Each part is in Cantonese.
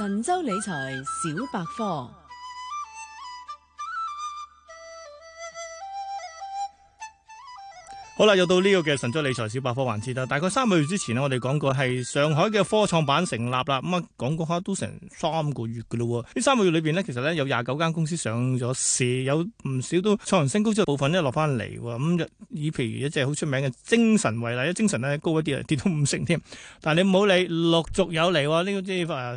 神州理財小百科。好啦，又到呢、這個嘅神州理財小百科環節啦。大概三個月之前咧，我哋講過係上海嘅科創板成立啦。咁啊，講講下都成三個月噶咯。呢三個月裏邊呢，其實呢有廿九間公司上咗市，有唔少都創新高，即係部分呢落翻嚟。咁以譬如一隻好出名嘅精神為例，啲精神呢高一啲啊，跌到五成添。但係你唔好理，陸續有嚟呢啲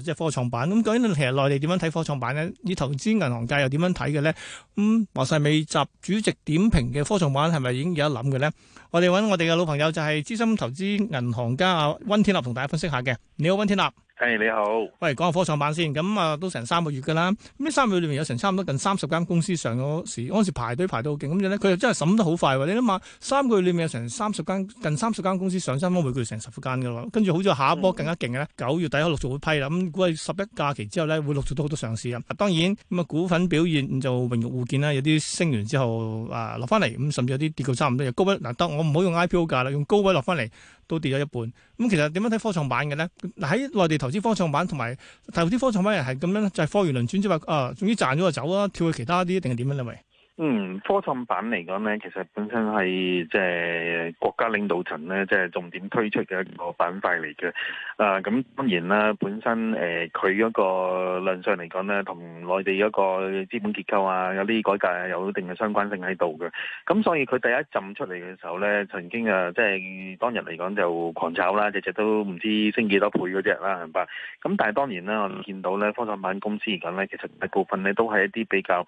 即係科創板。咁究竟其實內地點樣睇科創板呢？以投資銀行界又點樣睇嘅呢？咁話晒美習主席點評嘅科創板係咪已經有得諗嘅呢？我哋揾我哋嘅老朋友就係資深投資銀行家啊，溫天納同大家分析下嘅，你好，溫天納。Hey, 你好！喂，講下科創板先，咁、嗯、啊，都成三個月噶啦。咁呢三個月裏面有成差唔多近三十間公司上咗市，嗰時排隊排到好勁。咁樣咧，佢又真係審得好快喎、啊。你諗下，三個月裏面有成三十間，近三十間公司上新，每個月成十間噶啦。跟住好似下一波更加勁咧，九、嗯、月底可陸續會批啦。咁、嗯、估計十一假期之後咧，會陸續到好多上市啊。當然，咁、嗯、啊，股份表現就榮辱互見啦。有啲升完之後啊，落翻嚟，咁、嗯、甚至有啲跌到差唔多。有高位嗱，得、啊、我唔好用 IPO 價啦，用高位落翻嚟。都跌咗一半，咁其實點樣睇科創板嘅咧？喺內地投資科創板同埋投資科創板又係咁樣，就係科圓輪轉即係話啊，總之賺咗就走啦，跳去其他啲定係點樣咧？咪？嗯，科創板嚟講咧，其實本身係即係國家領導層咧，即、就、係、是、重點推出嘅一個板塊嚟嘅。誒、啊，咁當然啦，本身誒佢、呃、一個理論上嚟講咧，同內地一個資本結構啊，有啲改革啊，有一定嘅相關性喺度嘅。咁所以佢第一浸出嚟嘅時候咧，曾經啊、呃，即係當日嚟講就狂炒啦，只只都唔知升幾多倍嗰隻啦，係吧？咁但係當然啦，我見到咧，科創板公司嚟講咧，其實大部分咧都係一啲比較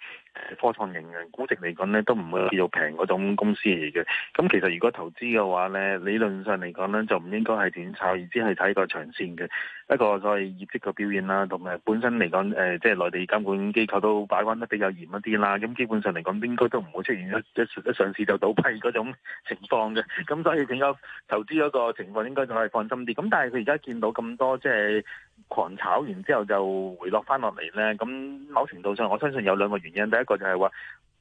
誒科創型嘅。估值嚟講咧，都唔會叫做平嗰種公司嚟嘅。咁、嗯、其實如果投資嘅話咧，理論上嚟講咧，就唔應該係短炒，而只係睇個長線嘅一個，所謂業績嘅表現啦，同埋本身嚟講，誒、呃，即係內地監管機構都把關得比較嚴一啲啦。咁、嗯、基本上嚟講，應該都唔會出現一一上市就倒閉嗰種情況嘅。咁、嗯、所以整個投資嗰個情況應該就係放心啲。咁、嗯、但係佢而家見到咁多即係狂炒完之後就回落翻落嚟咧，咁、嗯、某程度上我相信有兩個原因。第一個就係話，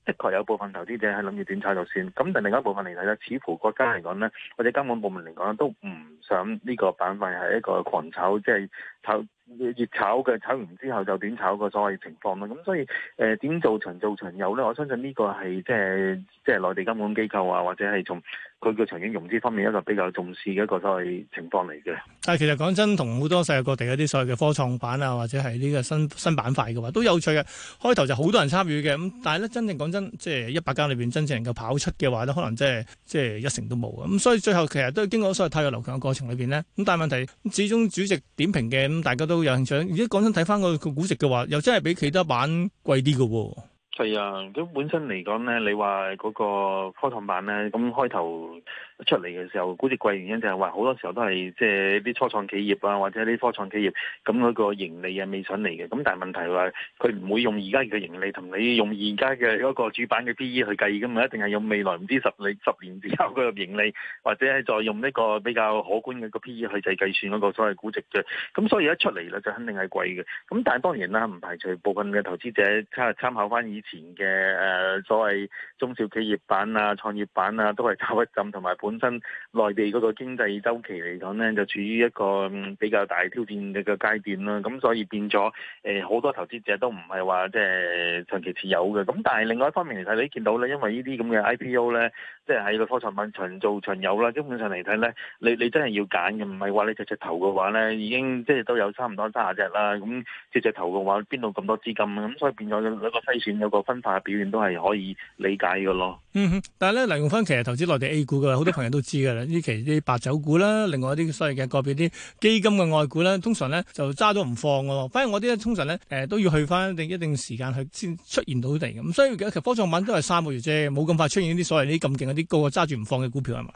的確有部分投資者係諗住短炒咗先，咁但另一部分嚟睇咧，似乎國家嚟講咧，或者監管部門嚟講咧，都唔想呢個板塊係一個狂炒，即係。炒越炒嘅，炒完之後就點炒個所謂情況啦。咁所以誒點、呃、做長做長有咧，我相信呢個係即係即係內地金融機構啊，或者係從佢嘅長遠融資方面一個比較重視嘅一個所謂情況嚟嘅。但係其實講真，同好多世界各地一啲所謂嘅科創板啊，或者係呢個新新板塊嘅話，都有趣嘅。開頭就好多人參與嘅，咁但係咧真正講真，即係一百間裏邊真正能夠跑出嘅話咧，可能即係即係一成都冇嘅。咁所以最後其實都經過所謂汰弱留強嘅過程裏邊咧，咁但係問題始終主席點評嘅。咁大家都有興趣，如果講真睇翻個個估值嘅話，又真係比其他版貴啲嘅喎。係啊，咁本身嚟講咧，你話嗰個科創板咧，咁開頭。 出嚟嘅時候，估值貴原因就係話好多時候都係即係啲初創企業啊，或者啲科創企業，咁嗰個盈利係未上嚟嘅。咁但係問題話佢唔會用而家嘅盈利同你用而家嘅一個主板嘅 PE 去計噶嘛，一定係用未來唔知十你十年之後嗰個盈利，或者係再用呢個比較可觀嘅個 PE 去計計算嗰個所謂估值啫。咁所以一出嚟咧就肯定係貴嘅。咁但係當然啦，唔排除部分嘅投資者參考翻以前嘅誒、呃、所謂中小企業板啊、創業板啊，都係走一浸同埋本。本身內地嗰個經濟週期嚟講咧，就處於一個比較大挑戰嘅個階段啦。咁所以變咗誒，好、呃、多投資者都唔係話即係長期持有嘅。咁但係另外一方面嚟睇，你見到咧，因為這這呢啲咁嘅 IPO 咧，即係喺個科創板長做長有啦。基本上嚟睇咧，你你真係要揀嘅，唔係話你隻隻投嘅話咧，已經即係都有差唔多三十隻啦。咁隻隻投嘅話，邊度咁多資金咁？所以變咗有個篩選，有個分化嘅表現都係可以理解嘅咯。嗯哼，但係咧嚟用翻，其實投資內地 A 股嘅好多朋友都知嘅啦。呢期啲白酒股啦，另外一啲所謂嘅個別啲基金嘅外股啦，通常咧就揸都唔放嘅咯。反而我啲咧通常咧誒、呃、都要去翻定一定，一定時間去先出現到地嘅。咁所以其實科創板都係三個月啫，冇咁快出現呢啲所謂呢啲咁勁啲個個揸住唔放嘅股票係嘛？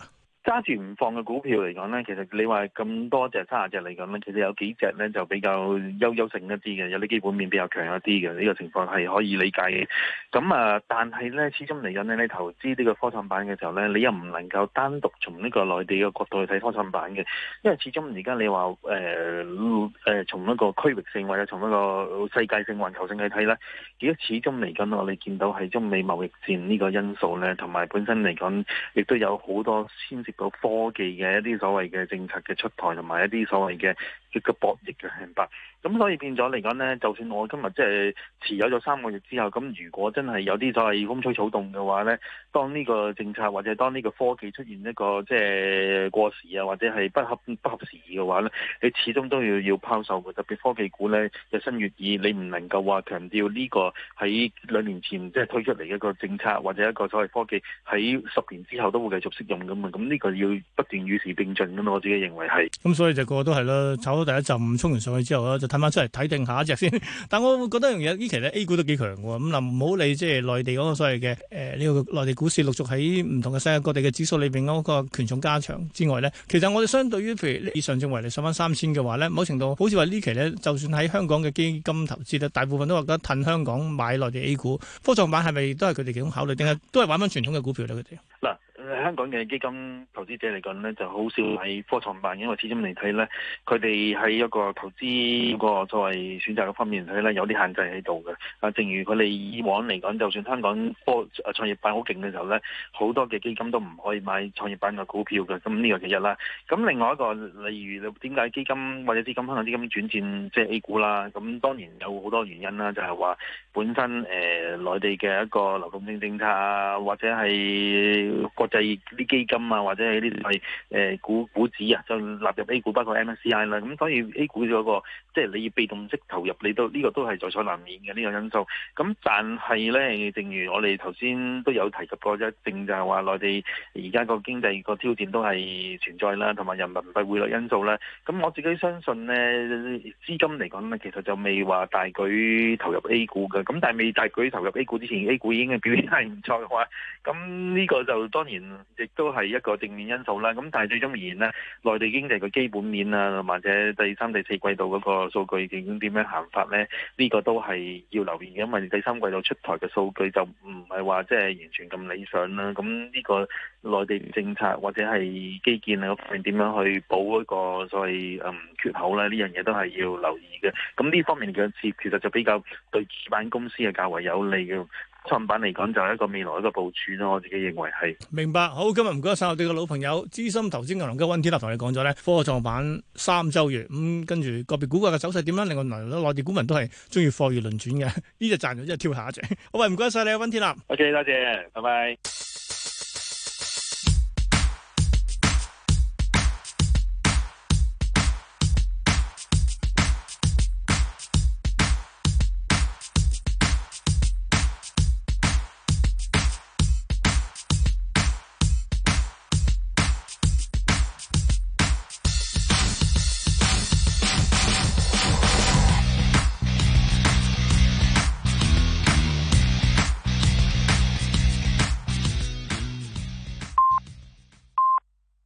揸住唔放嘅股票嚟講呢，其實你話咁多隻、三十隻嚟講呢，其實有幾隻呢就比較優優勝一啲嘅，有啲基本面比較強一啲嘅呢個情況係可以理解嘅。咁啊，但係呢，始終嚟講咧，你投資呢個科創板嘅時候呢，你又唔能夠單獨從呢個內地嘅角度去睇科創板嘅，因為始終而家你話誒誒從一個區域性或者從一個世界性、環球性去睇呢，其實始終嚟講，我哋見到係中美貿易戰呢個因素呢，同埋本身嚟講亦都有好多牽個科技嘅一啲所謂嘅政策嘅出台，同埋一啲所謂嘅嘅個博弈嘅明白，咁所以變咗嚟講咧，就算我今日即係持有咗三個月之後，咁如果真係有啲所謂風吹草動嘅話咧，當呢個政策或者當呢個科技出現一個即係過時啊，或者係不合不合時宜嘅話咧，你始終都要要拋售嘅。特別科技股咧日新月異，你唔能夠話強調呢個喺兩年前即係推出嚟一個政策或者一個所謂科技喺十年之後都會繼續適用嘅嘛，咁呢個要不斷與時並進嘅咯，我自己認為係。咁所以就個個都係啦，第一就唔沖完上去之後咧，就睇翻出嚟睇定下一隻先。但我會覺得樣嘢呢期咧 A 股都幾強嘅咁嗱，唔好理即係內地嗰個所謂嘅誒呢個內地股市陸續喺唔同嘅世界各地嘅指數裏邊嗰個權重加長之外咧，其實我哋相對於譬如以上證為例上翻三千嘅話咧，某程度好似話呢期咧，就算喺香港嘅基金投資咧，大部分都話覺得騰香港買內地 A 股，科創板係咪都係佢哋幾種考慮定係都係玩翻傳統嘅股票咧？佢哋嗱。香港嘅基金投資者嚟講咧，就好少買科創板，因為始終嚟睇咧，佢哋喺一個投資個作為選擇嘅方面佢咧，有啲限制喺度嘅。啊，正如佢哋以往嚟講，就算香港科啊創業板好勁嘅時候咧，好多嘅基金都唔可以買創業板嘅股票嘅。咁呢個就一啦。咁另外一個，例如點解基金或者香港基金可能啲金轉戰即係、就是、A 股啦？咁當然有好多原因啦，就係、是、話本身誒內、呃、地嘅一個流動性政，政策啊，或者係國際。係啲基金啊，或者係啲係誒股股指啊，就納入 A 股，包括 MSCI 啦。咁所以 A 股嗰、嗰個即係、就是、你要被動式投入，你都呢、呢個都係在所難免嘅呢、呢個因素。咁但係咧，正如我哋頭先都有提及過，一正就係話內地而家個經濟個挑戰都係存在啦，同埋人民幣匯率因素啦。咁我自己相信呢資金嚟講咧，其實就未話大舉投入 A 股嘅。咁但係未大舉投入 A 股之前，A 股已經表現係唔錯嘅話，咁呢個就當然。亦都係一個正面因素啦，咁但係最終而言呢，內地經濟嘅基本面啊，或者第三、第四季度嗰個數據究竟點樣行法呢？呢、這個都係要留意，因為第三季度出台嘅數據就唔係話即係完全咁理想啦。咁、嗯、呢、這個內地政策或者係基建啊方面點樣去補嗰個所謂、嗯、缺口咧，呢樣嘢都係要留意嘅。咁呢方面嘅接，其實就比較對主板公司係較為有利嘅。產品嚟講就係一個未來一個部署咯，我自己認為係明白。好，今日唔該晒，我哋嘅老朋友、資深投資銀行家溫天納同你講咗咧，科創板三周月咁，跟住個別股價嘅走勢點咧？另外內地股民都係中意貨月輪轉嘅，呢隻賺咗即係跳下一隻。 好，唔該晒你，溫天納。O.K. 多謝，拜拜。